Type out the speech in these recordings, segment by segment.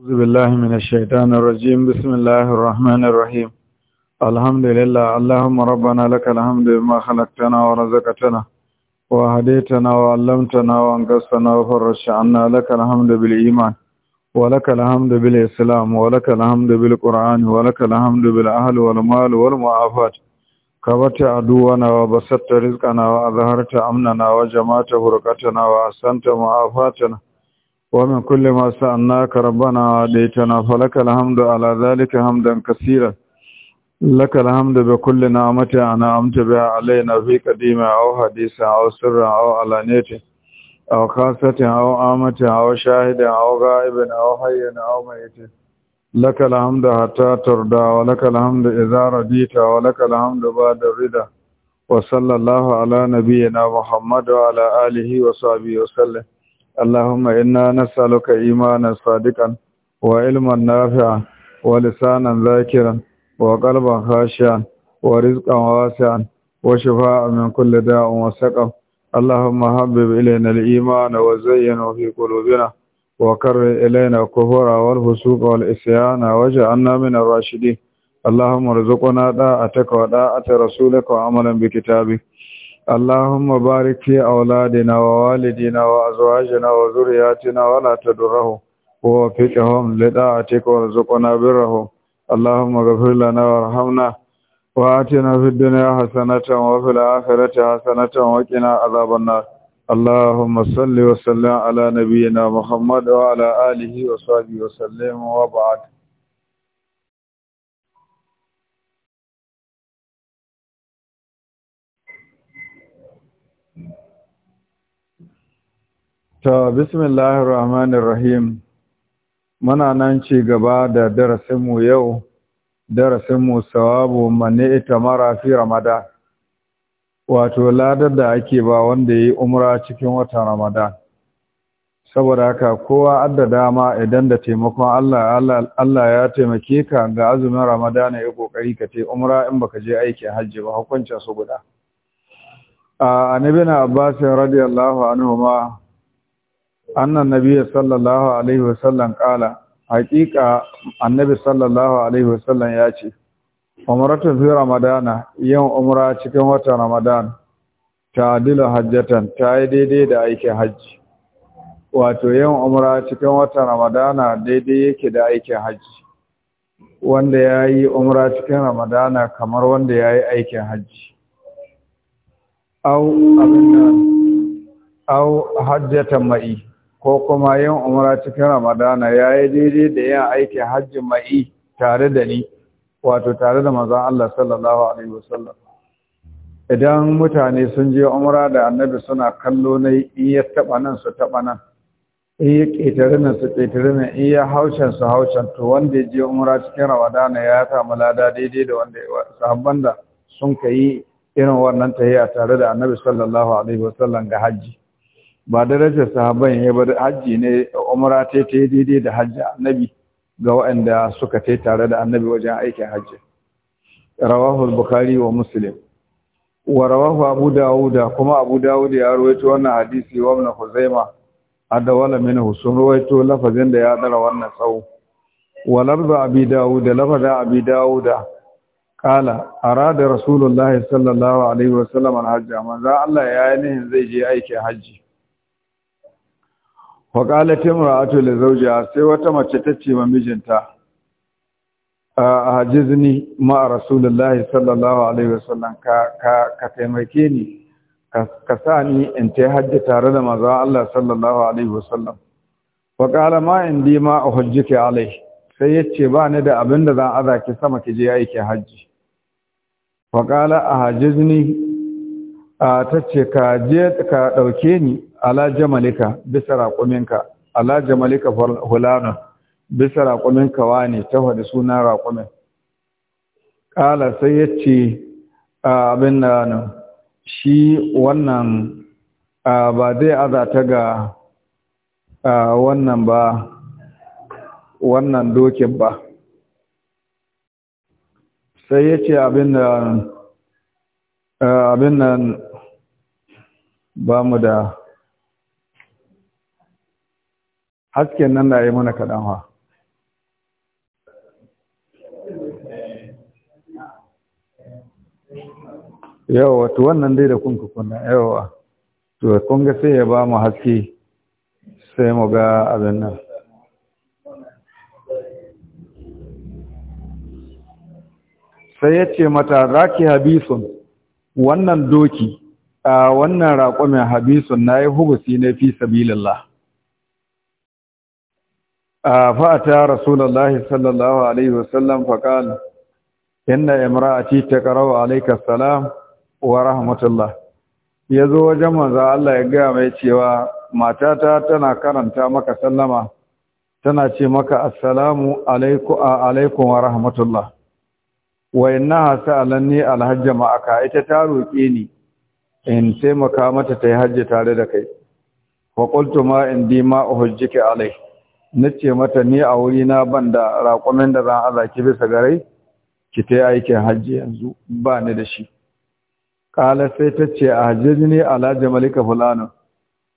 أعوذ بالله من الشيطان الرجيم بسم الله الرحمن الرحيم الحمد لله اللهم ربنا لك الحمد بما خلقتنا ورزقتنا وهديتنا وعلمتنا وانقصتنا وفرجت عنا لك الحمد بالإيمان ولك الحمد بالإسلام ولك الحمد بالقرآن ولك الحمد بالأهل والمال والمعافات كبت عدونا وبسطت رزقنا وأظهرت أمننا وجمعت بركتنا وأحسنت معافاتنا ومن كل ما سألناك ربنا عديتنا فلك الحمد على ذلك حمدا كثيرا لك الحمد بكل نعمة أنا أمت بها علينا في قديمة أو حديثة أو سر أو علانية أو خاصة أو آمة أو شاهدة أو غائب أو حي أو ميت لك الحمد حتى ترضى ولك الحمد إذا رضيت ولك الحمد بعد الرضا وصلى الله على نبينا محمد وعلى آله وصحبه وسلم اللهم إنا نسألك إيمانا صادقا وعلما نافعا ولسانا ذاكرا وقلبا خاشعا ورزقا واسعا وشفاء من كل داء وسقم اللهم حبب إلينا الإيمان وزينه في قلوبنا وكر إلينا الكفر والفسوق والإسيان واجعلنا من الراشدين اللهم ارزقنا داعتك وداعة رسولك وعملا بكتابك اللهم بارك في أولادنا ووالدنا وأزواجنا وذرياتنا ولا تدره ووفقهم لطاعتك وارزقنا بره اللهم اغفر لنا وارحمنا وآتنا في الدنيا حسنة وفي الآخرة حسنة وقنا عذاب النار اللهم صل وسلم على نبينا محمد وعلى آله وصحبه وسلم وبعد To, bismillahir rahmanir rahim. Muna nan ci gaba da darasinmu yau, darasinmu sawabu mani ita mara fi Ramada. Wato, ladar da ake ba wanda yi umra cikin watan Ramada. Saboda haka kowa adda dama idan da taimakon Allah, ya taimake ka ga azumin Ramadan ya kokari ka te umra in baka je aikin hajji ba hukuncin su guda. A na Abbas radiyallahu anhu ma annan nabiyyi sallallahu alaihi wasallam kala haƙiƙa annabi sallallahu alaihi wasallam ya ce umratu fi ramadana yin umra cikin watan ramadan ta dila hajjatan ta yi daidai da aikin hajji wato yin umra cikin watan ramadana daidai yake da aikin hajji wanda ya yi umra cikin ramadana kamar wanda ya yi aikin hajji au abin au hajjatan ma'i ko kuma yin umra cikin ramadana ya yi daidai da yin aiki hajji mai tare da ni wato tare da mazan Allah sallallahu alaihi wasallam idan mutane sun je umra da annabi suna kallo na in ya taba nan su taba nan in ya ƙetare nan su ƙetare nan in ya haushen su haushen to wanda ya je umra cikin ramadana ya ta malada daidai da wanda sahabban da sun ka yi irin wannan tahiya tare da annabi sallallahu alaihi wasallam ga hajji ba darajar sahabban ya bar hajji ne umra ta ta daidai da hajji annabi ga waɗanda suka tai tare da annabi wajen aikin hajji rawahu al-bukhari wa muslim wa rawahu abu dawud kuma abu dawud ya rawaito wannan hadisi wa ibn khuzaima adawala minhu sun rawaito lafazin da ya dara wannan tsawo wa lafza abi dawud lafza abi dawud kala arada rasulullahi sallallahu alaihi wasallam al-hajj manzo Allah ya yi nihin zai je aikin hajji faƙalat imra'atu li zawjiha sai wata mace ta ce ma mijinta a hajizni ma rasulullahi sallallahu alaihi wasallam ka ka taimake ni ka sa ni in ta hajji tare da manzon Allah sallallahu alaihi wasallam faƙala ma indi ma uhajjika alai sai ya ce ba ni da abin da zan aza ki sama ki je aiki hajji faƙala a hajjizni ta ce ka je ka ɗauke ni ala jamalika bisa raƙuminka ala jamalika hulana bisa raƙuminka wani ta faɗi suna raƙumin ƙala sai ya ce abin da shi wannan ba zai azata ga wannan ba wannan dokin ba sai ya ce abin da abin nan ba mu da hasken nan na yi mana kaɗan ha yawa wato wannan dai da kunka kunna yawa to kun ga sai ya ba mu haske sai mu ga abin nan sai ya ce mata raki habisun wannan doki a wannan raƙumin habisun na yi hubusi na fi sabilillah فأتى رسول الله صلى الله عليه وسلم فقال إن امرأتي تقرأ عليك السلام ورحمة wajen manzo Allah ya gaya mai cewa matata tana karanta maka sallama tana ce maka assalamu alaikum alaikum wa rahmatullah wa innaha sa'alani alhajj ma'aka ita ta roƙe ni in taimaka mata ta yi hajji tare da kai wa qultu ma indi ma uhajjika alai Na ce mata ni a wuri na ban da raƙumin da zan aza ki bisa garai ki ta aikin hajji yanzu ba ni da shi ƙala sai ta ce a hajji ne ala jamalika fulano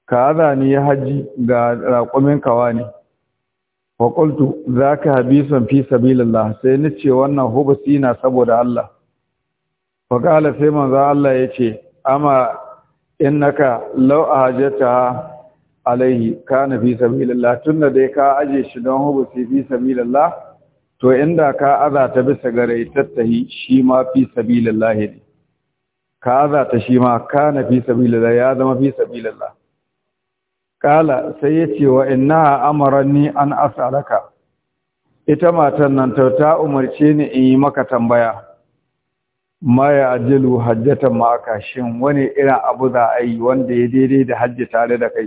ka aza ni ya hajji ga raƙumin kawa ne wa qultu zaka habisan fi sabilillah sai ce wannan hubasi na saboda Allah fa sai manzo Allah yace ama innaka law hajjata. alaihi kana fi sabilillah tunda dai ka aje shi don hubusi fi sabilillah to inda ka aza ta bisa gare tattahi shi ma fi sabilillah ne ka aza ta shi ma kana fi sabilillah ya zama fi sabilillah kala sai yace wa innaha amarni an as'alaka ita matan nan ta ta umarce ni in yi maka tambaya ma ya ajilu hajjatan ma'aka shin wani irin abu za a yi wanda ya daidai da hajji tare da kai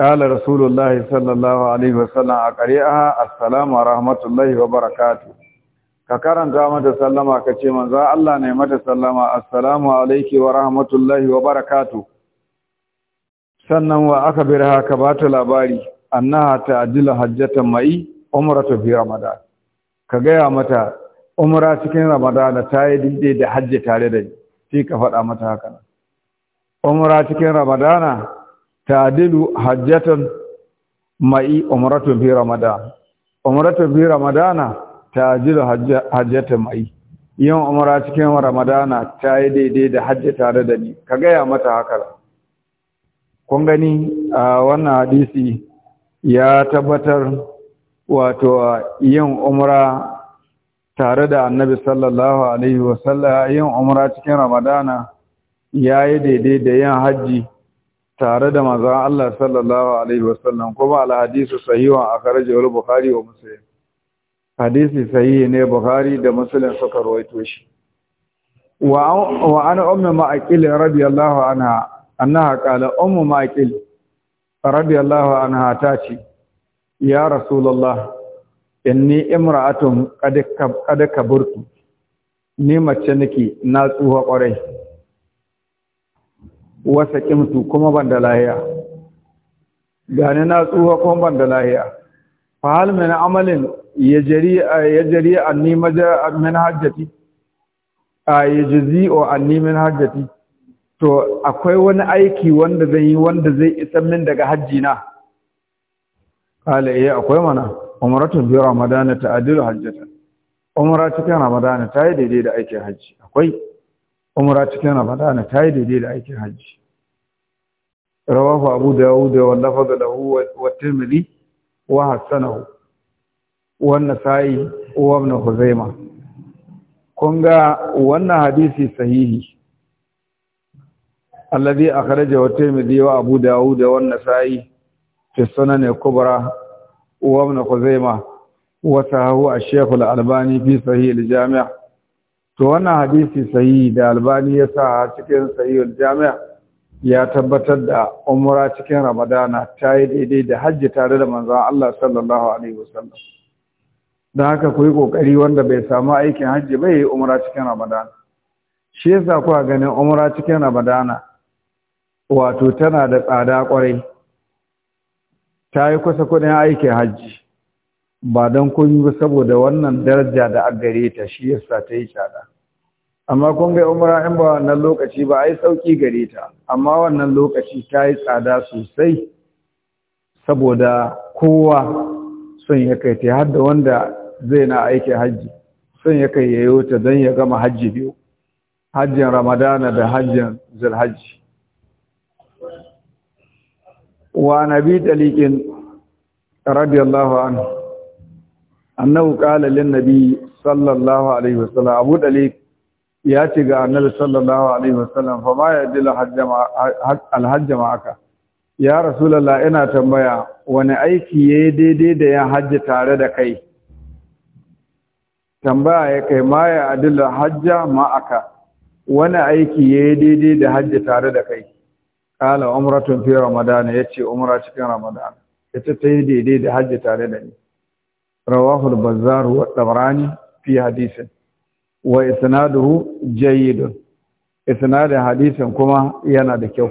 قال رسول الله صلى الله عليه وسلم اقرئها السلام ورحمه الله وبركاته ka karanta mata sallama ka ce manzo Allah ne mata sallama assalamu alayki wa rahmatullahi wa barakatuh sannan wa akbirha ka bata labari annaha ta'dilu hajjatan mai umratu fi ramadan ka gaya mata umra cikin ramadan ta yi dinde da hajji tare da ni sai ka faɗa mata haka umra cikin ramadan ta'dilu hajjatan ma'i umratu fi ramadan umratu fi ramadana ta'dilu hajjatan ma'i yin umra cikin ramadana ta yi daidai da hajji tare da ni ka gaya mata haka kun gani a wannan hadisi ya tabbatar wato yin umra tare da annabi sallallahu alaihi wasallam yin umra cikin ramadana ya yi daidai da yin hajji tare da manzon Allah sallallahu alaihi wasallam kuma al-hadisu sahihun akhrajahu al-bukhari wa muslim hadisi sahihi ne bukhari da muslim suka rawaito shi wa wa ana ummu ma'qil radiyallahu anha annaha qala ummu ma'qil radiyallahu anha ta ya rasulullah inni imra'atun qad kaburtu ni mace nake na tsuha kwarai wasa kimtu kuma ban da lahiya gane na tsuwa kuma ban da lahiya fa hal min amalin yajri yajri anni maja min hajjati yajzi o anni min hajjati to akwai wani aiki wanda zai yi wanda zai isa min daga hajji na kala eh akwai mana umratu bi ramadana ta'dilu Hajjata. umra cikin ramadana ta yi daidai da aikin hajji akwai umra cikin ramadana ta yi daidai da aikin hajji rawahu abu da wanda wa lafaza hu wa tirmidhi wa hassana hu wannan sai wa ibn huzaima kun ga wannan hadisi sahihi alladhi akhrajahu wa tirmidhi wa abu da dawud wa an sai fi sunan al-kubra wa ibn huzaima wa sahahu ash-shaykh al-albani fi sahih al-jami' to wannan hadisi sai da albani ya sa cikin sahihul jami'a ya tabbatar da umra cikin ramadana ta yi daidai da hajji tare da manzon Allah sallallahu alaihi wasallam don haka ku yi kokari wanda bai samu aikin hajji bai yi umra cikin ramadana shi yasa kuwa ganin umra cikin ramadana wato tana da tsada kwarai ta yi kusa kudin aikin hajji ba don komi ba saboda wannan daraja da a gare ta shi yasa ta yi tsada amma kun ga umara in ba wannan lokaci ba ai sauki gare ta amma wannan lokaci ta yi tsada sosai saboda kowa son ya kai ta har da wanda zai na aiki hajji son ya kai yi ta don ya gama hajji biyu hajjin ramadana da hajjin zulhajji wa nabi talikin radiyallahu anhu annahu qala lin nabi sallallahu alaihi wasallam abu dali ya ce ga annabi sallallahu alaihi wasallam fa ma ya yadil ma aka. ya rasulullah ina tambaya wani aiki yi daidai da ya hajji tare da kai tambaya ya kai ma ya hajja ma aka. wani aiki yi daidai da hajji tare da kai qala umratun fi ramadan yace umra cikin ramadan ce ta yi daidai da hajji tare da ni rawahul bazzar wa dabrani fi hadisin wa isnaduhu jayyid isnadin hadisin kuma yana da kyau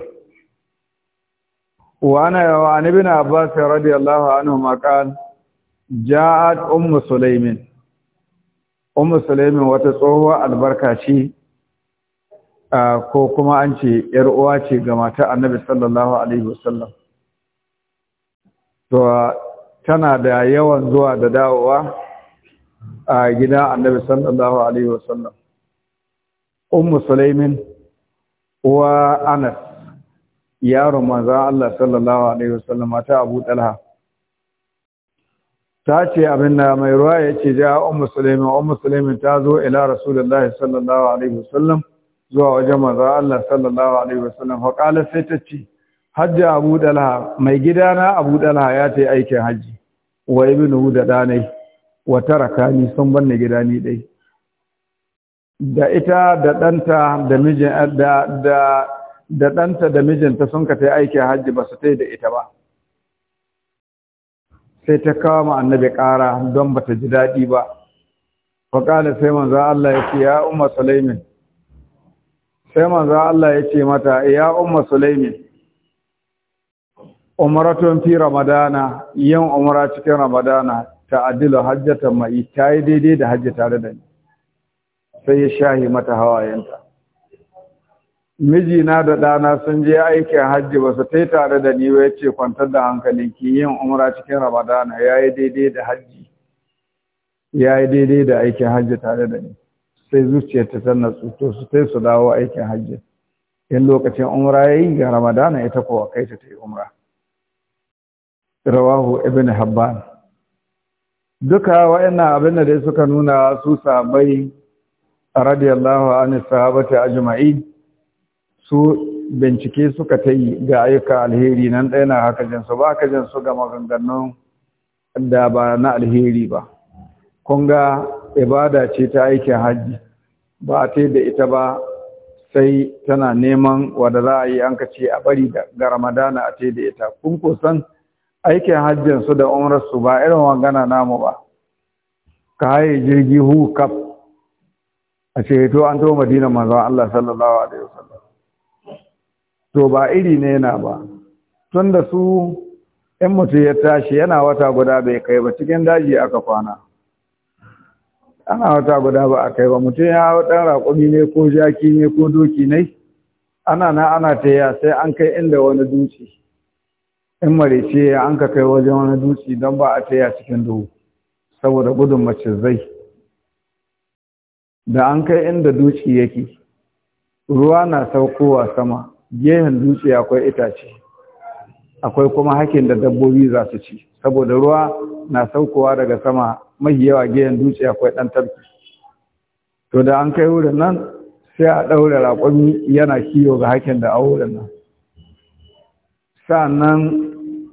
wa ana wa ibn abbas radiyallahu anhu ma qala ja'at umm sulaimin umm sulaimin wata tsohuwa albarka ce ko kuma an ce ‘yar uwa ce ga mata annabi sallallahu Alaihi wasallam. To, tana da yawan zuwa da dawowa a gida annabi sallallahu alaihi wasallam ummu sulaimin wa anas yaron manzon Allah sallallahu alaihi wasallam ta abu talha ta ce abin da mai ruwa ya ce ja ummu sulaimin ummu sulaimin ta zo ila rasulullahi sallallahu alaihi wasallam zuwa wajen manzon Allah sallallahu alaihi wasallam fa qala sai ta ce hajji abu ɗalha, mai gidana abu ɗalha ya ce aikin hajji wa ibnu da ɗanai wa tarakani sun banne gida ni dai da ita da ɗanta da mijin da da da ɗanta da mijinta sun ka ta aiki hajji ba su ta da ita ba sai ta kawo ma annabi ƙara don ba ta ji daɗi ba faƙala sai manzo Allah ya ce ya umma sulaimin sai manzo Allah ya ce mata ya umma sulaimin umratun fi ramadana yin umra cikin ramadana ta'dilu hajjata mai tayi daidai da hajji tare da ni sai ya shahi mata hawayenta mijina da ɗana sun je aikin hajji ba su tai tare da ni ya ce kwantar da ki yin umra cikin ramadana ya yi daidai da hajji ya yi daidai da aikin hajji tare da ni sai zuciyarta ta sanna to su tai su dawo aikin hajji in lokacin umra ya yi ga ramadana ita kowa kai ta ta yi umra rawahu ibn habban duka wayannan abin da suka nuna su sabai radiyallahu anhu sahabati ajma'i su bincike suka tayi ga ayyuka alheri nan ɗaya na haka jinsu ba haka jinsu ga maganganun da ba na alheri ba kun ga ibada ce ta aikin hajji ba a ta da ita ba sai tana neman wadda za a yi an ka ce a bari ga ramadana a ta da ita kun ko san aikin hajjin su da umrar su ba irin wangana namu ba ka haye jirgi hu kaf a ce to an to madina manzon Allah sallallahu alaihi wasallam to ba iri ne yana ba tunda su in mutum ya tashi yana wata guda bai kai ba cikin daji aka kwana ana wata guda ba a kai ba mutum ya hau ɗan raƙumi ne ko jaki ne ko doki ne ana na ana ta sai an kai inda wani dutse in marece an ka kai wajen wani dutse don ba a taya cikin duhu saboda gudun mace zai. da an kai inda dutse yake ruwa na saukowa sama gehen dutse akwai itace akwai kuma hakin da dabbobi za su ci saboda ruwa na saukowa daga sama mai yawa gehen dutse akwai ɗan tarki to da an kai wurin nan sai a ɗaure raƙon yana kiyo ga hakin da a wurin nan sa'annan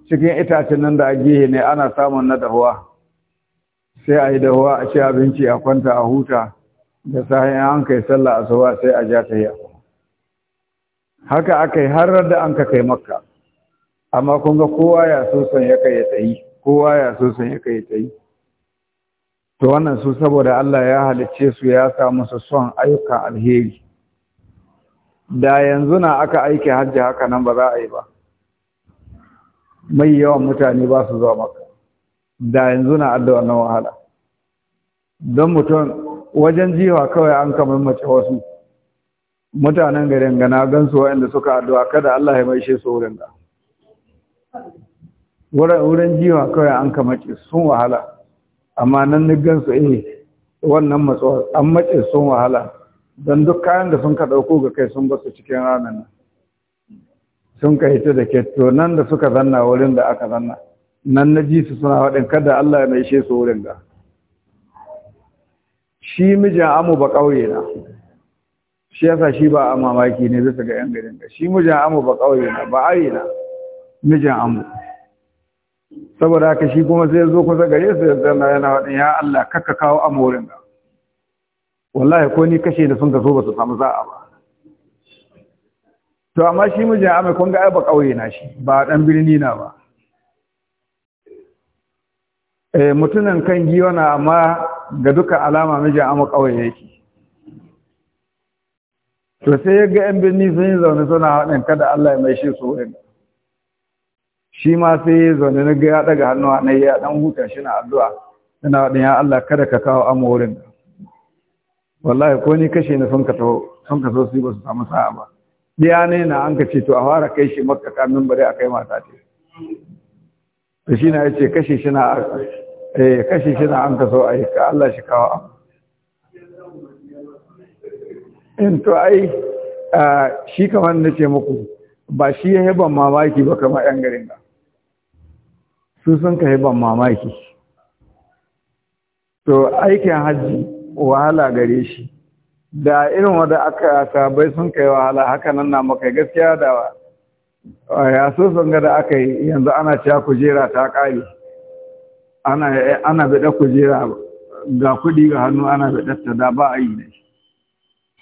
cikin itacen nan da agihe ne ana samun na dahuwa sai a yi dahuwa a ci abinci a kwanta a huta da sahin an kai sallah zuwa sai a ja ta yi haka aka yi har da an ka kai makka amma kun ga kowa ya so son ya kai tsayi kowa ya so son ya kai ya tsayi to wannan su saboda Allah ya halicce su ya sa musu son ayyukan alheri da yanzu na aka aiki hajji haka nan ba za a yi ba mai yawan mutane ba su zuwa maka da yanzu na addu'a na wahala don mutum wajen jiwa kawai an kamar mace wasu mutanen garin gana gan su suka addu'a kada Allah ya maishe su wurin da wurin jiwa kawai an kamar mace sun wahala amma nan ni gan su eh wannan matsuwa an mace sun wahala don duk kayan da sun ka ɗauko ga kai sun basu cikin ranar nan sun ka hito da ketto nan da suka zanna wurin da aka zanna nan na ji su suna waɗin kada Allah ya maishe su wurin ga shi mijin amu ba ƙauye na shi yasa shi ba a mamaki ne bisa ga 'yan garin ga shi mijin amu ba ƙauye na ba ayi na mijin amu saboda haka shi kuma sai zo kusa gare su da zanna yana waɗin ya Allah kakka kawo amu wurin ga wallahi ko ni kashe da sun ka so ba su samu za'a ba to amma shi mijin amai kun ga ai ba kauye na shi ba ɗan birni na ba eh mutunan kan giwana amma ga duka alama mijin amai ya yake to sai ya ga yan birni sun yi zaune suna haɗin kada Allah ya mai shi wani. shi ma sai ya zaune na ga ya daga hannu a nai ya ɗan huta shi na addu'a yana waɗin ya Allah kada ka kawo amma wurin wallahi ko ni kashe ni sun ka so su yi ba su samu sa'a ba ɗaya ne na an ka ce to a fara kai shi makka kamin bari a kai mata ce to shi na ya ce kashe shi na eh shi na an ka so a yi ka Allah shi kawo abu in to ai shi kamar na ce muku ba shi ya heban mamaki ba kamar yan garin ba su sun ka heban mamaki to aikin hajji wahala gare shi da irin wanda aka sabai sun kai wahala haka nan na makai gaskiya da ya so sun ga da aka yi yanzu ana cewa kujera ta kare ana ana bada kujera ga kudi ga hannu ana bada ta da ba a yi ne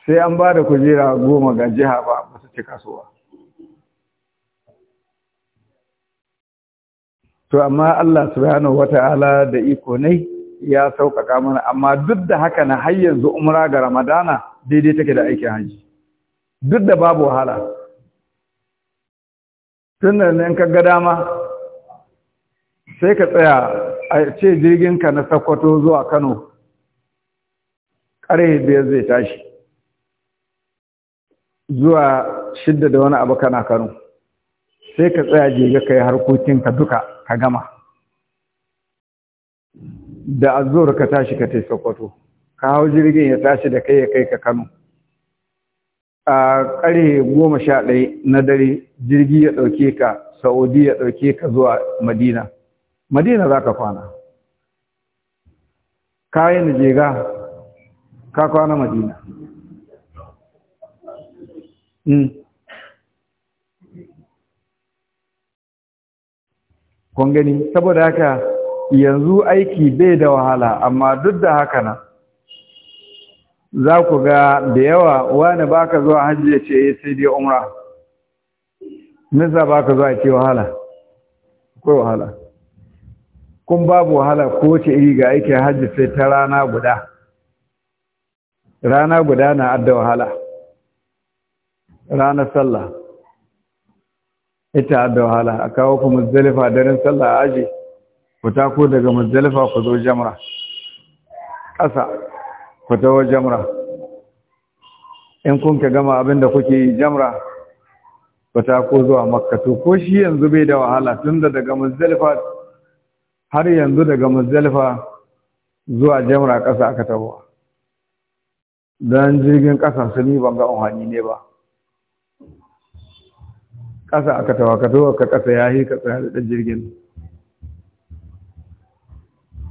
sai an ba da kujera goma ga jiha ba ba su cika kasuwa. to amma Allah subhanahu wata'ala da iko ne ya sauƙaƙa mana amma duk da haka na har yanzu umra ga ramadana daidai take da aikin hajji duk da babu wahala tun da nan ka ga dama sai ka tsaya a ce jirginka na sakwato zuwa kano ƙarfe biyar zai tashi zuwa shidda da wani abu kana kano sai ka tsaya jirga ka yi ka duka ka gama da azur ka tashi ka tai sokoto ka jirgin ya tashi da kai ya kai ka kano a ƙarhe goma sha ɗaya na dare jirgi ya ɗauke ka saudi ya ɗauke ka zuwa madina madina za ka kwana kayan jega ka kwana madina hmm. kun gani saboda haka yanzu aiki bai da wahala amma duk da haka na za ku ga da yawa wani ba ka zuwa hajji ya ce eh, sai dai umra nisa ba ka zuwa ce wahala akwai wahala kun babu wahala ko ce iri ga aikin hajji sai ta rana guda rana guda na adda wahala ranar sallah ita adda wahala a kawo kuma zalifa daren sallah a aji ku tako daga muzdalifa ku zo jamra ƙasa ku tawo jamra in kun ka gama abin da kuke yi jamra ku tako zuwa makka to ko shi yanzu bai da wahala da daga muzdalifa har yanzu daga muzdalifa zuwa jamra ƙasa aka tawo don jirgin ƙasa sun yi banga unhani ne ba ƙasa aka tawa ka tawo ka ƙasa ya yi ka tsaya da jirgin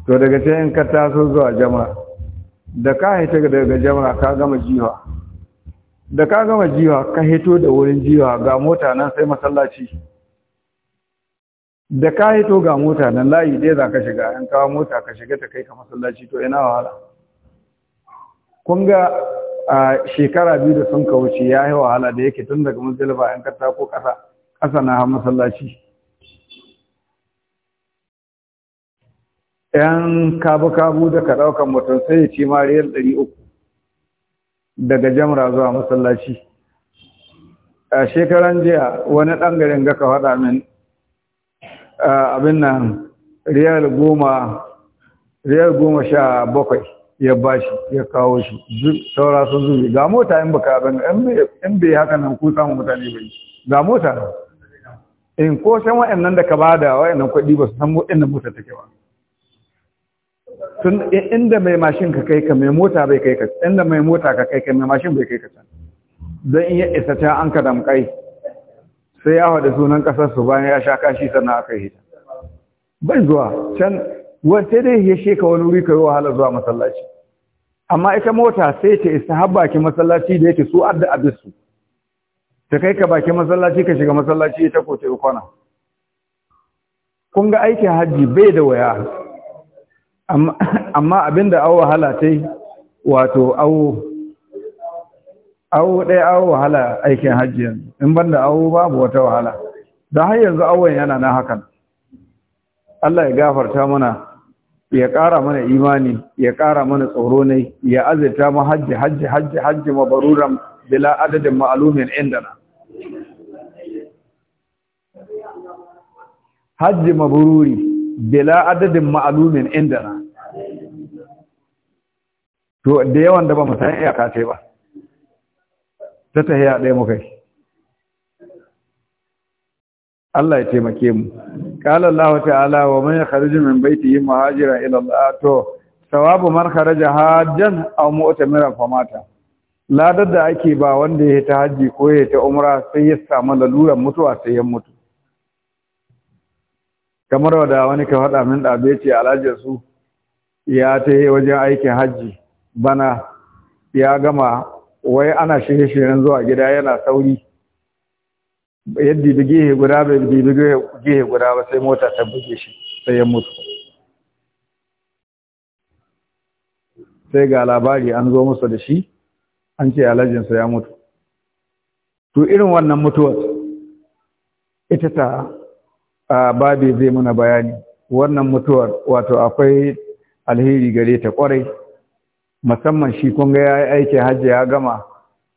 to daga ce in ka taso zuwa jama'a da ka hita daga jama'a ka gama jiwa da ka gama jiwa ka hito da wurin jiwa ga mota nan sai masallaci da ka hito ga mota nan layi dai za ka shiga in kawo mota ka shiga ta kai ka masallaci to ina wahala kun ga a shekara biyu da sun ka wuce ya yi wahala da yake tun daga mun zilba, in ka tako ƙasa ƙasa na masallaci yan kabu-kabu da ka ɗaukan mutum sai ya ce mariyar ɗari uku daga jamra zuwa masallaci a shekaran jiya wani ɗangaren ga ka faɗa min abin nan riyal goma riyar goma sha bakwai ya bashi ya kawo shi saura sun zuri ga mota in baka abin in bai haka nan ku samun mutane bai ga mota in ko san wa'annan da ka bada wa'annan kuɗi ba su san wa'annan mota take ba tun inda mai mashin ka kai ka mai mota bai kai ka inda mai mota ka kai ka mai mashin bai kai ka can don iya isa ta an ka damkai sai ya hada sunan ƙasar su bayan ya sha kashi sannan aka yi bai zuwa can wata dai ya sheka wani wuri ka yi wahala zuwa masallaci amma ita mota sai ta isa har baki masallaci da yake su adda abisu ta kai ka baki masallaci ka shiga masallaci ita ko ta kwana kun ga aikin hajji bai da waya amma abinda au wahala ta yi wato au awo ɗaya au wahala aikin hajji yanzu in banda au babu wata wahala da har yanzu awon yana na hakan Allah ya gafarta mana ya ƙara mana imani ya ƙara mana tsoro ne ya azirta mu hajji hajji hajji hajji mabaruran bila adadin ma'alumin indana hajji mabururi bila adadin ma'alumin indana to da yawan da ba mu san iyaka ce ba ta tahiya ɗaya mu kai Allah ya taimake mu qala Allah ta'ala wa man yakhruju min baytihi muhajira ila Allah to sawabu man kharaja hajjan aw mu'tamiran famata ladar da ake ba wanda ya ta haji ko ya ta umra sai ya samu laluran mutuwa sai ya mutu kamar wada wani ka faɗa min ɗabe ce alhaji su ya ta yi wajen aikin hajji bana ya gama wai ana shirye-shiryen zuwa gida yana sauri yadda bi gehe guda bai bi gehe guda ba sai mota ta buge shi sai ya mutu sai ga labari an zo musu da shi an ce alajinsa ya mutu to irin wannan mutuwar ita ta babi zai muna bayani wannan mutuwar wato akwai alheri gare ta kwarai musamman shi kun ga ya yi aikin hajji ya gama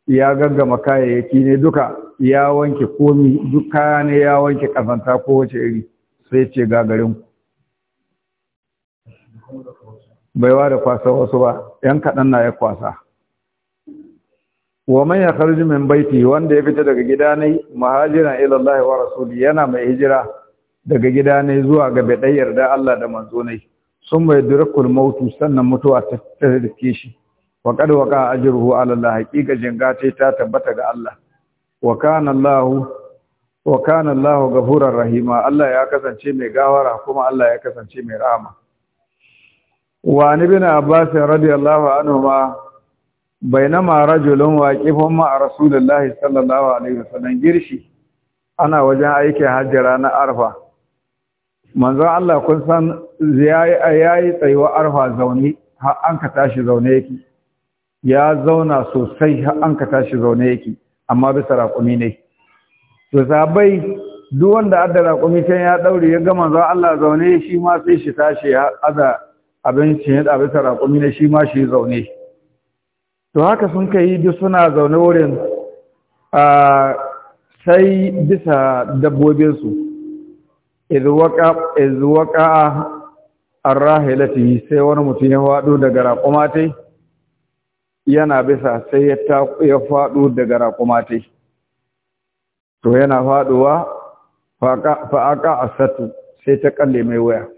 ya gaggama kayayyaki ne duka ya wanke komi duk kaya ne ya wanke kazanta wace iri sai ce gagarin baiwa da kwasa wasu ba yan kaɗan na ya kwasa wa man yakhruju min baiti wanda ya fita daga gida ne muhajira ila Allah wa rasuli yana mai hijira daga gida ne zuwa ga bidai yarda Allah da manzo ne sun mai durakul mautu sannan mutuwa ta tarke shi wa kad a ajruhu ala Allah haqiqa jinga ce ta tabbata ga Allah wa kana Allah wa kana Allah rahima Allah ya kasance mai gawara kuma Allah ya kasance mai rahama wa ibn Abbas radiyallahu anhuma bainama rajulun waqifun ma rasulullahi sallallahu alaihi wasallam girshi ana wajen aikin hajjira na Arfa manzon Allah kun san yayi tsayuwa arfa zaune har an ka tashi zaune yake ya zauna sosai har an ka tashi zaune yake amma bisa raƙumi ne to sabai duk wanda adda raƙumi can ya daure ya ga manzon Allah zaune shi ma sai shi tashi ya aza abinci ya da bisa raƙumi ne shi ma shi zaune to haka sun kai duk suna zaune wurin ah, sai bisa dabbobinsu izwaka an rahilatihi sai wani mutum ya faɗo daga raƙumatai yana bisa sai ya faɗo daga raƙumatai to yana faɗowa fa'aƙa a satu sai ta ƙalle mai waya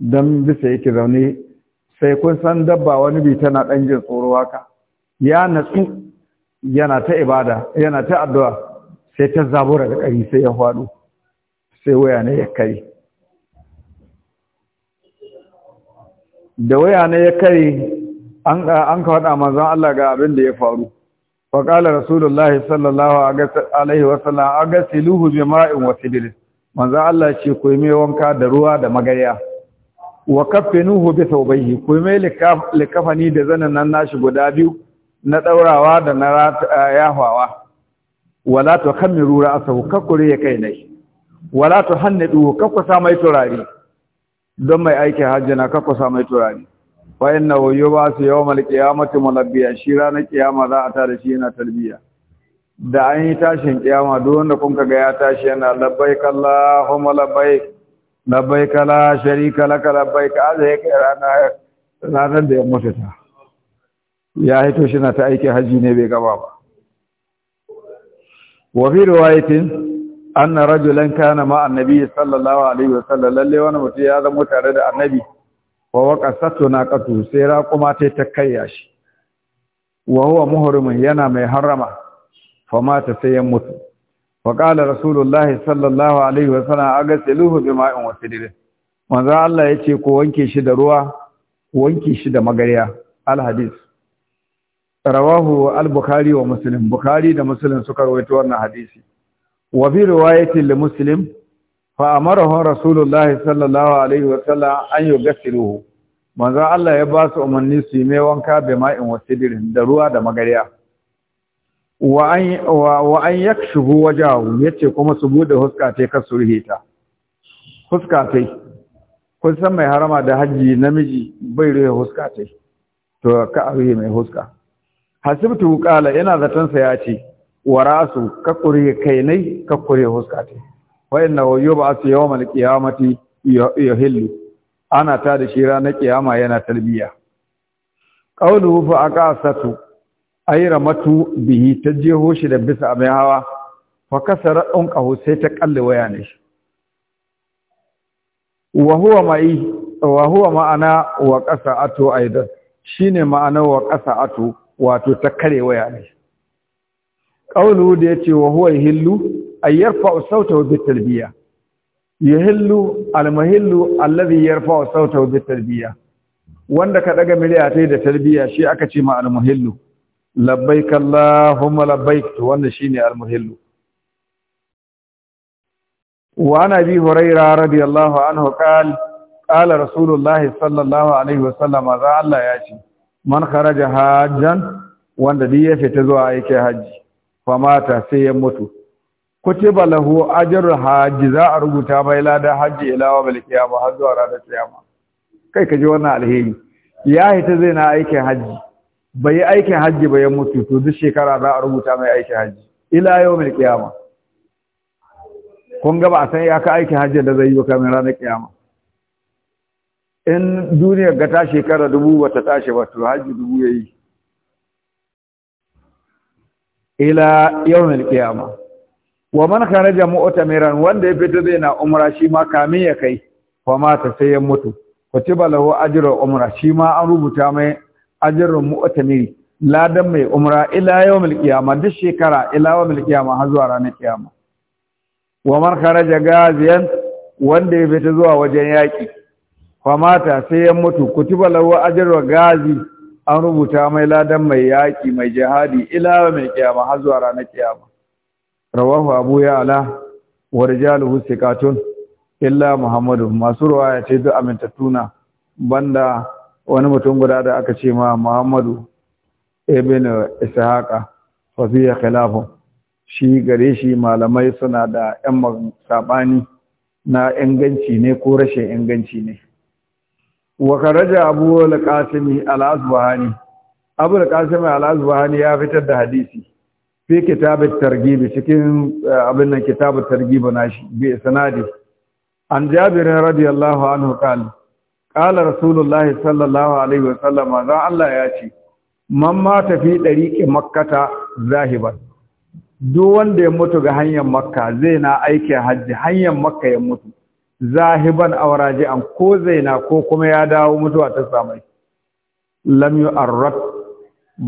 don bisa yake zaune sai kun san dabba wani bi tana ɗan jin tsoro haka ya natsu yana ta ibada yana ta addu'a sai ta zabura da ƙari sai ya faɗo sai waya ne ya kare da waya ne ya kare an ka faɗa manzon Allah ga abin da ya faru fa qala rasulullahi sallallahu alaihi wa sallam agasiluhu bima'in wa sidr manzon Allah ce ku yi mai wanka da ruwa da magarya wa kaffinuhu bi thawbayhi ku yi mai likafani da zanen nan nashi guda biyu na daurawa da na eh, yahawa wala rura ra'sahu kakure ya kai nai wala ta hannadu kakku sa mai turare don mai aikin hajji na kakku sa mai turare fa inna wayo ba su yawon malkiyamata malabiya shi ranar kiyama za a ta da shi yana talbiya da an yi tashin kiyama duk wanda kun ga ya tashi yana labbaik Allahumma labbaik labbaik la sharika laka labbaik aza yake ranar ranar da ya mutu ta ya hito shi na ta aiki hajji ne bai gaba ba wa fi riwayatin An rajulan kana ma annabi sallallahu alaihi wasallam lalle wani mutum ya zama tare da annabi wa waqasatu naqatu sai raquma ta takkayya shi wa huwa muhrimun yana mai harama famata sai ya mutu wa qala rasulullah sallallahu alaihi wasallam agasiluhu bima'in wasidid manzo Allah yace ko wanke shi da ruwa wanke shi da magariya al hadith rawahu al bukhari wa muslim bukhari da muslim suka rawaito wannan hadisi wa bi riwayatin li muslim fa amarahu rasulullah sallallahu alaihi wa sallam an yughsiluhu manzo Allah ya ba su umarni su yi mai wanka bai ma'in wasidirin da ruwa da magarya. wa shigo wa an yakshuhu wajahu yace kuma su buɗe huska ta kar su rihita huska ta kun san mai harama da hajji namiji bai rihe huska ta to ka rihe mai huska hasibtu qala yana zaton sa ya ce Warasu, rasu kakure kainai kakure huska ta wa inna hu yub'asu yawmal qiyamati yuhillu ana ta da shi ranar kiyama yana talbiya qawluhu fa aqasatu ay ramatu bihi tajeho shi da bisa mai hawa fa kasara unqahu sai ta kalle waya ne shi wa huwa mai wa huwa ma'ana wa qasa'atu aidan shine ma'ana wa qasa'atu wato ta kare waya ne ƙaunu da ya ce wa huwa yahillu ay yarfa'u sautahu bit talbiya yahillu almahillu alladhi yarfa'u sautahu bit talbiya wanda ka ɗaga miliya tai da talbiya shi aka ce ma almuhillu labbaik allahumma labbaik to wanda wannan shine almuhillu wa ana bi hurairah radiyallahu anhu qala qala rasulullahi sallallahu alaihi wasallam za Allah ya ce man kharaja hajjan wanda duk ya fita zuwa aikin hajji. famata sai ya mutu kutiba lahu ajrul haji za a rubuta mai Lada haji ila wa bil qiyama har zuwa ranar kiyama kai kaje wannan alheri ya hita zai na aikin haji bai yi aikin haji ba ya mutu to duk shekara za a rubuta mai aikin haji ila yawmil kiyama kun ga ba a san ya ka aikin haji da zai yi kamar ranar kiyama. in duniyar ga ta shekara dubu ba ta tashi ba to haji dubu yayi ila yawmil kiyama wa man kharaja mu'tamiran wanda ya fito zai na umra shi ma kamin ya kai fa mata sai ya mutu kutiba lahu ajru umra shi ma an rubuta mai ajru mu'tamiri ladan mai umra ila yawmil kiyama duk shekara ila yawmil kiyama har zuwa ranar kiyama wa man kharaja gaziyan wanda ya fito zuwa wajen yaki fa mata sai ya mutu kutiba lahu ajrul gazi an rubuta mai ladan mai yaƙi mai jihadi ila mai kiyama har zuwa ranar kiyama rawahu abu ala wa rijaluhu illa muhammadu masu ruwaya ce duk amintattuna banda wani mutum guda da aka ce ma muhammadu ibn ishaqa fa fihi khilafu shi gare shi malamai suna da yan sabani na inganci ne ko rashin inganci ne wa karaja abu al-qasim al-asbahani abu al-qasim al-asbahani ya fitar da hadisi fi kitab at-targhib cikin eh, abin nan kitab at-targhib nashi bi sanadi an jabir radiyallahu anhu qala qala rasulullahi sallallahu alaihi wa sallama. za Allah ya ce man mata fi dariqi makkata zahiban duk wanda ya mutu ga hanyar makka zai na aikin hajji hanyar makka ya mutu zahiban aw raji'an ko zaina ko kuma ya dawo mutuwa ta samai lam yu'arrat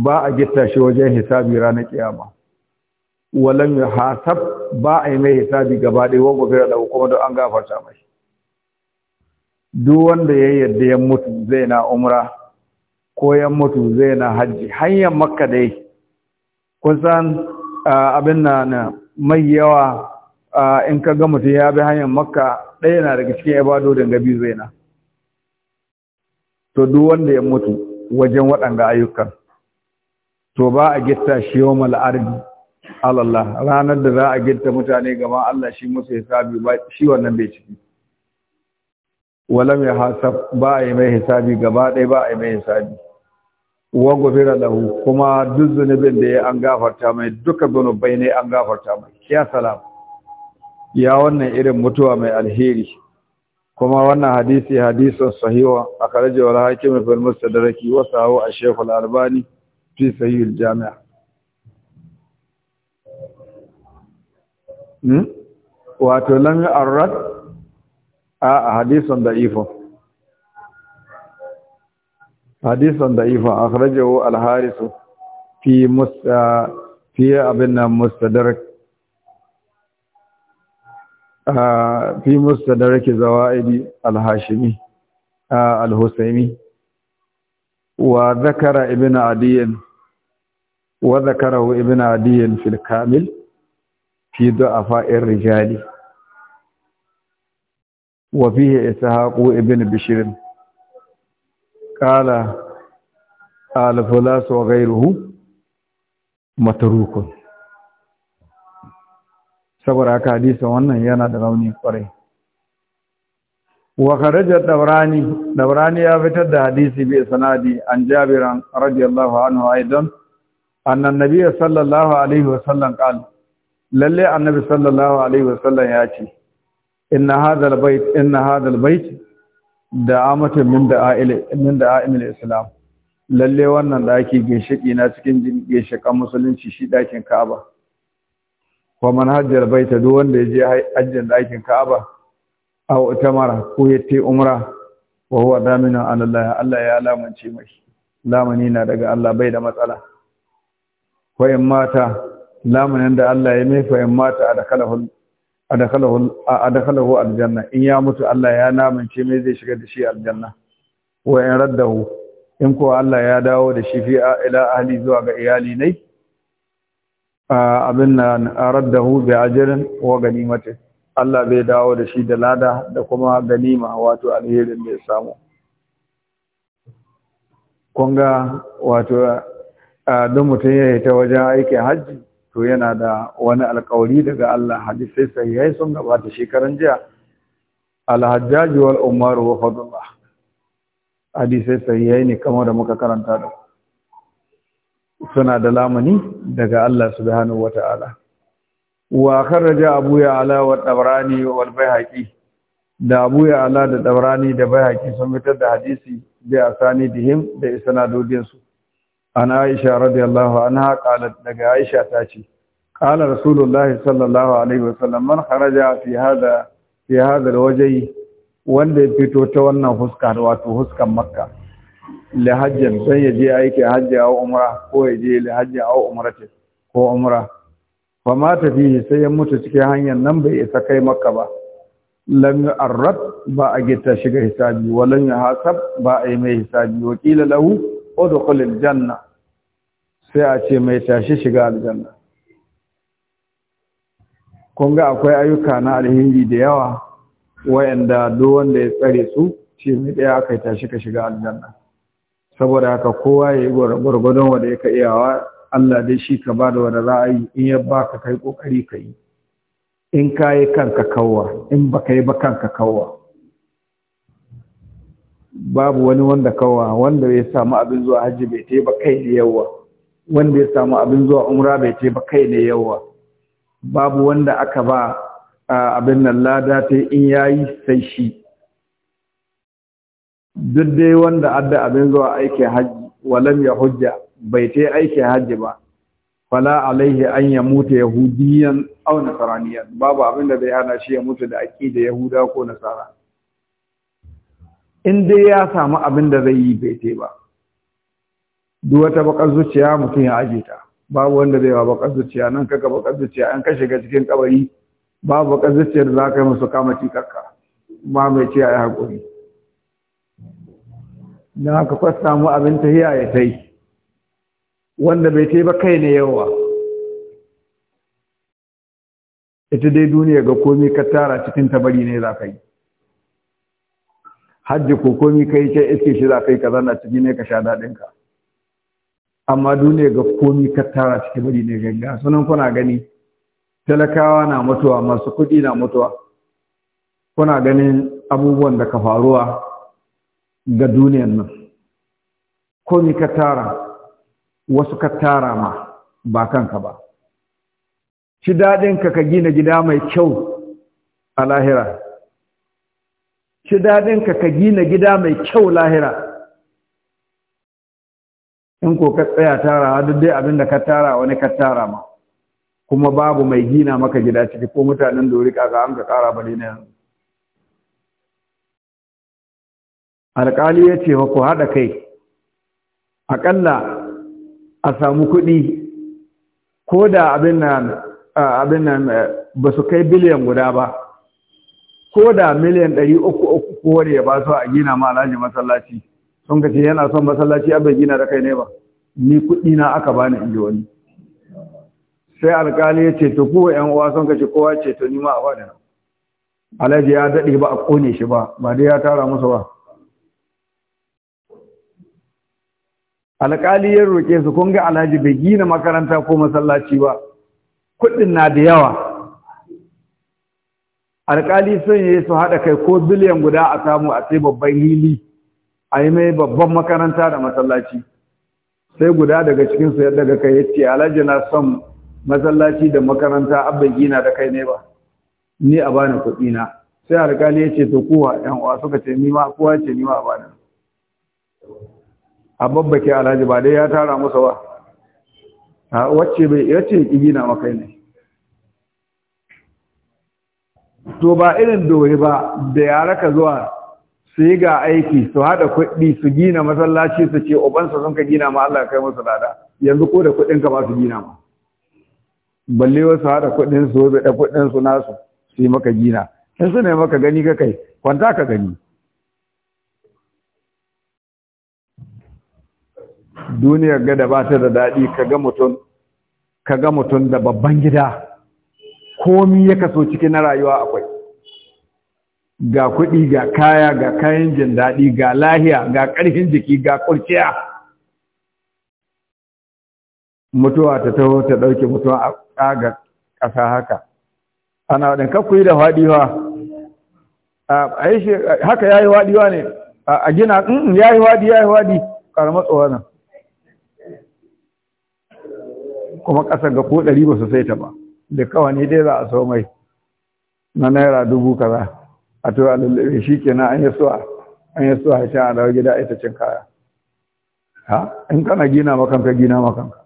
ba a gitta shi wajen hisabi ranar kiyama wa lam yuhasab ba a yi mai hisabi gaba dai wa gobe da kuma don an gafarta mai duk wanda ya yadda ya mutu zai umra ko ya mutu zai na hajji hanyar makka dai kusan abin na mai yawa in ka ga mutum ya bi hanyar makka ɗaya na daga cikin ibadodin ga biyu zaina to duk wanda ya mutu wajen waɗanga ayyukan to ba a gitta shi yau mal'arbi alallah ranar da za a gitta mutane gama Allah shi musu hisabi ba shi wannan bai ciki walam ya hasab ba a yi mai hisabi gaba ɗaya ba a yi mai hisabi wa gufira lahu kuma duk zunubin da ya an gafarta mai duka zunubai ne an gafarta mai ya salama ya wannan irin mutuwa mai alheri kuma wannan hadisi hadisun sahiwa a karajewar hakimin da raki, wasu hau a shekul albani fi sahihul jami'a hmm? wato lam arrad a hadisun da hadisun da'ifun akhrajahu al-harisu fi musta ah, fi abin nan mustadrak fi da rake zawa hashimi alhashimi husaimi wa zakara ibn adiyin wa zakarahu ibn adiyin fil kamil fi du'afa'ir rijali wa fihi ishaqu ibn bishr qala al wa ghayruhu matrukun saboda haka hadisin wannan yana da rauni kwarai wa kharaja dawrani dawrani ya fitar da hadisi bi sanadi an jabiran radiyallahu anhu aidan anna nabiyyi sallallahu alaihi wasallam qala lalle annabi sallallahu alaihi wasallam ya ce inna hadha albayt inna hadha albayt da'amatu min da'ail min da'ail islam lalle wannan daki ginshiki na cikin ginshikan musulunci shi dakin ka'aba wa man hajjar baita duk wanda ya je hajjin ɗakin Ka'aba aw mara, ko ya te umra wa huwa damina ala Allah Allah ya lamance mai lamani na daga Allah bai da matsala wa in mata lamanin da Allah ya mai fa in mata adakalahu adakalahu aljanna in ya mutu Allah ya lamance mai zai shiga da shi aljanna wa in raddahu in ko Allah ya dawo da shi fi ila ahli zuwa ga iyali nai abin na raddahu bi ajrin wa ganimati Allah bai dawo da shi da lada da kuma ganima wato alherin da ya samu Kunga wato don mutum ya ta wajen aikin hajji to yana da wani alkawari daga Allah hadisai sahihai sun gabata shekaran jiya alhajjaji umaru wa fadullah hadisai sahihai ne kamar da muka karanta da ku suna da lamani daga Allah subhanahu wata'ala wa kharaja abu ala wa tabrani wal bayhaqi da abu ala da tabrani da bayhaqi sun fitar da hadisi bi dihim da isnadudin su ana aisha radiyallahu anha qalat daga aisha ta ce qala rasulullahi sallallahu alaihi wasallam man kharaja fi hada fi hada wanda ya fito ta wannan huska wato huskan makka lahajjan don ya je aiki hajji a umra ko ya je lahajji a ce, ko umra fa ma tafihi sai ya mutu cikin hanyar nan bai isa kai makka ba lam arrab ba a gita shiga hisabi wa lam yuhasab ba a yi mai hisabi wa qila lahu udkhul aljanna sai a ce mai tashi shiga aljanna kun ga akwai ayyuka na alheri da yawa wayanda duk wanda ya tsare su ce mai ɗaya aka tashi ka shiga aljanna saboda haka kowa ya yi gwargwadon wanda ya ka iyawa Allah dai shi ka ba da wanda za a yi in ya ba ka kai ƙoƙari ka yi in ka yi kanka kawwa in ba ka yi ba kanka kawwa babu wani wanda kawwa wanda ya samu abin zuwa hajji bai ta ba kai da yawa wanda ya samu abin zuwa umra bai ta ba kai da yawa babu wanda aka ba abin nan lada ta in ya yi sai shi duk dai wanda adda abin zuwa aikin hajji walam ya hujja bai ta aikin hajji ba fala alaihi an ya mutu yahudiyan aw Nasaraniyan, babu abin da bai hana shi ya mutu da da yahuda ko nasara in dai ya samu abin da zai yi bai ta ba duk wata bakar zuciya mutum ya aje ta babu wanda zai wa bakar zuciya nan kaga bakar zuciya an ka shiga cikin kabari babu bakar zuciyar da za ka yi musu kama cikakka ma mai ce a yi haƙuri don haka kwas samu abin tahiya ya tai wanda bai tai ba kai ne yawa ita dai duniya ga komi ka tara cikin tabari ne za ka yi hajji ko komi ka yi can iske shi za ka yi ka zana ciki ne ka sha daɗinka amma duniya ga komi ka tara cikin tabari ne ganga sunan kuna gani talakawa na mutuwa masu kuɗi na mutuwa kuna ganin abubuwan da ka faruwa ga duniyan nan komi ka tara wasu ka tara ma ba kanka ba Ci daɗinka ka gina gida mai kyau a lahira Ci daɗinka ka gina gida mai kyau lahira in ko ka tsaya tara duk dai abin da ka tara wani ka tara ma kuma babu mai gina maka gida ciki ko mutanen dori kaga an ka kara bari na yanzu alƙali ya ce ku haɗa kai aƙalla a samu kuɗi ko da abin nan ba su kai biliyan guda ba ko da miliyan ɗari uku uku kowane ya ba su a gina ma alhaji masallaci sun ka ce yana son masallaci a bai gina da kai ne ba ni kuɗi na aka bani ni inji wani sai alƙali ya ce to kowa ƴan uwa sun ka ce kowa ce to ni ma a faɗa alhaji ya daɗe ba a ƙone shi ba ba dai ya tara musu ba alƙali ya roƙe su kun ga alhaji bai gina makaranta ko masallaci ba kuɗin na da yawa alƙali sun yi su haɗa kai ko biliyan guda a samu a sai babban hili a yi mai babban makaranta da masallaci sai guda daga cikinsu ya daga kai ya ce alhaji na son masallaci da makaranta abin gina da kai ne ba ni a bani kuɗi na sai alƙali ya ce to kowa yan uwa suka ce ni ma kowa ce ni ma a bani a babbake alhaji ba dai ya tara masa wa a wacce bai yace ki gina maka ne to ba irin dore ba da yara ka zuwa su ga aiki su haɗa kuɗi su gina masallaci su ce ubansa sun ka gina ma Allah kai musu lada yanzu ko da kuɗin ka ba su gina ma balle wasu haɗa kuɗin su da kuɗin su nasu su yi maka gina in su ne maka gani ka kai kwanta ka gani duniyar gada ba ta da daɗi ka ga mutum da babban gida komi ya kaso ciki na rayuwa akwai ga kuɗi ga kaya ga kayan jin daɗi ga lahiya ga ƙarfin jiki ga kurciya mutuwa ta taho ta ɗauke mutuwa a ƙaga ƙasa haka ana waɗin kakwai da waɗiwa, a yi haka ya yi waɗiwa ne a gina ya yi waɗi ya yi waɗi ƙaramar tsohonan kuma ƙasar ga ko ɗari ba su sai ta ba da kawani dai za a so mai na naira dubu kaza a to a lullube shi na an yi suwa an yi suwa shi a dawo gida ita cin kaya ha in kana gina makanka gina makanka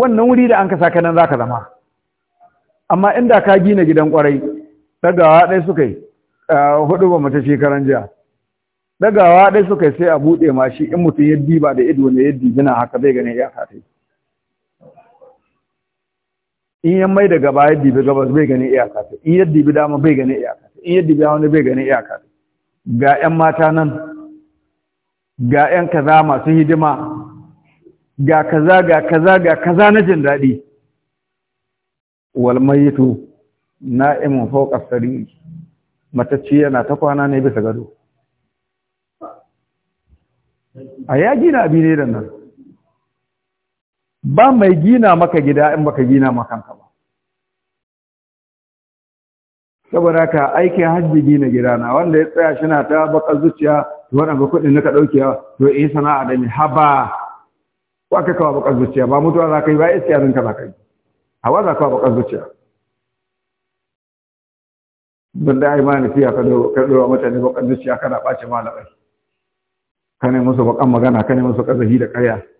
wannan wuri da an ka saka nan zaka zama amma inda ka gina gidan kwarai dagawa dai suka yi hudu ba mata shekaran jiya dagawa dai suka yi sai a buɗe ma shi in mutum yaddi ba da ido ne yaddi gina haka zai ganin ya ta in ya mai daga baya dibi gabas bai ganin iyaka ta in ya dibi dama bai ganin iyaka ta in ya dibi hawa bai ganin iyaka ta ga ƴan mata nan ga ƴan kaza masu hidima ga kaza ga kaza ga kaza na jin daɗi wal mayitu na'imun fawqa sariri matacci yana ta kwana ne bisa gado a yaji na abi ne da nan ba mai gina maka gida in baka gina makanka ba saboda ka aikin hajji gina gida na wanda ya tsaya shi na ta baka zuciya wannan ga kuɗin naka ɗaukewa to in eh sana'a da ni haba ko aka kawo baka zuciya ba mutuwa za ka yi ba iska ka za ka yi hawa za ka baka zuciya don da ai ni fiya ka ɗora mutane baka zuciya kana ɓace malamai ka ne musu baƙan magana ka ne musu ƙazahi da ƙarya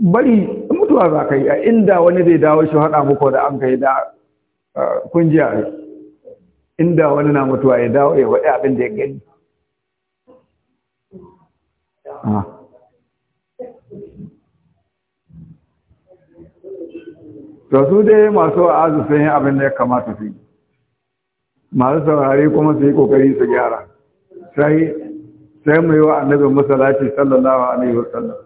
bari mutuwa za ka yi a inda wani zai dawo shi haɗa muku da an kai da kungiya inda wani na mutuwa ya dawo ya waɗi abin da ya gani to su dai masu wa'azu sun yi abin da ya kamata su yi masu saurari kuma su yi kokari su gyara sai sai mu yi wa annabin masalaci sallallahu alaihi wasallam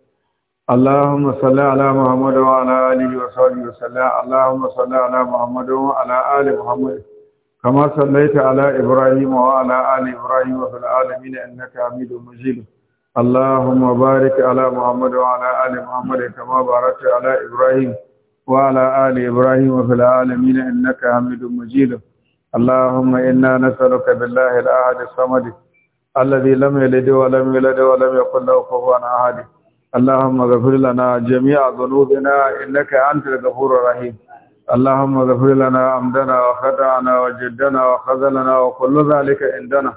اللهم صل على محمد وعلى آله وصحبه وسلم اللهم صل على محمد وعلى آل محمد كما صليت على إبراهيم وعلى آل إبراهيم وفي العالمين إنك حميد مجيد اللهم بارك على محمد وعلى آل محمد كما باركت على إبراهيم وعلى آل إبراهيم وفي العالمين إنك حميد مجيد اللهم إنا نسألك بالله الأحد الصمد الذي لم يلد ولم يولد ولم يكن له كفوا أحد اللهم اغفر لنا جميع ذنوبنا إنك أنت الغفور الرحيم اللهم اغفر لنا عمدنا وخدعنا وجدنا وخذلنا وكل ذلك عندنا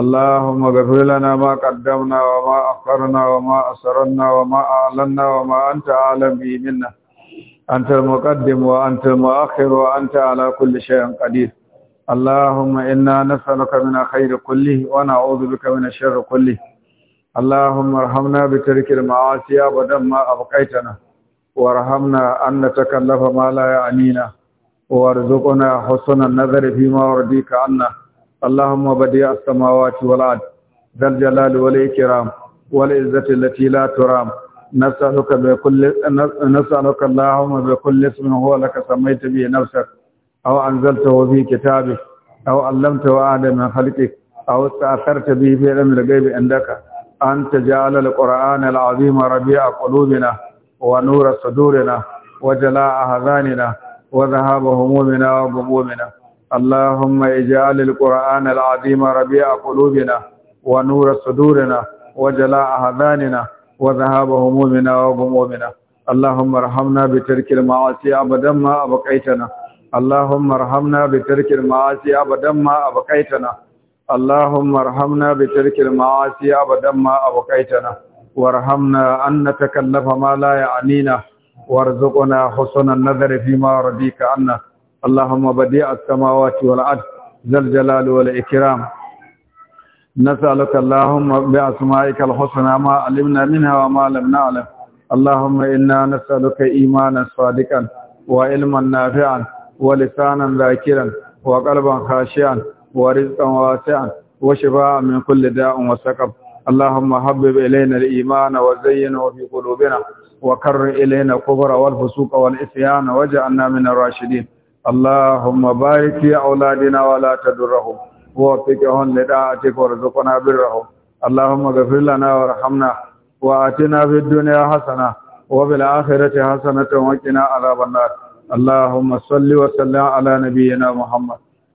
اللهم اغفر لنا ما قدمنا وما أخرنا وما أسررنا وما أعلنا وما أنت أعلم به منا أنت المقدم وأنت المؤخر وأنت على كل شيء قدير اللهم إنا نسألك من خير كله ونعوذ بك من الشر كله اللهم ارحمنا بترك المعاصي ابدا ما ابقيتنا وارحمنا ان نتكلف ما لا يعنينا وارزقنا حسن النظر فيما يرضيك عنا اللهم بديع السماوات والارض ذا الجلال والاكرام والعزه التي لا ترام نسألك بكل نسألك اللهم بكل اسم هو لك سميت به نفسك أو أنزلته في كتابك أو علمته آدم من خلقك أو استأثرت به في علم الغيب عندك أن تجعل القرآن العظيم ربيع قلوبنا ونور صدورنا وجلاء أحزاننا وذهاب همومنا وغمومنا اللهم اجعل القرآن العظيم ربيع قلوبنا ونور صدورنا وجلاء أحزاننا وذهاب همومنا وغمومنا اللهم ارحمنا بترك المعاصي أبدا ما أبقيتنا اللهم ارحمنا بترك المعاصي أبدا ما أبقيتنا اللهم ارحمنا بترك المعاصي ابدا ما ابقيتنا وارحمنا ان نتكلف ما لا يعنينا وارزقنا حسن النظر فيما رضيك عنا اللهم بديع السماوات والارض ذا الجلال والاكرام نسالك اللهم باسمائك الحسنى ما علمنا منها وما لم نعلم اللهم انا نسالك ايمانا صادقا وعلما نافعا ولسانا ذاكرا وقلبا خاشعا ورزقا واسعا وشفاء من كل داء وسقم اللهم حبب إلينا الإيمان وزينه في قلوبنا وكر إلينا الكفر والفسوق والعصيان واجعلنا من الراشدين اللهم بارك في أولادنا ولا تدرهم ووفقهم لطاعتك وارزقنا برهم اللهم اغفر لنا وارحمنا وآتنا في الدنيا حسنة وفي الآخرة حسنة وقنا عذاب النار اللهم صل وسلم على نبينا محمد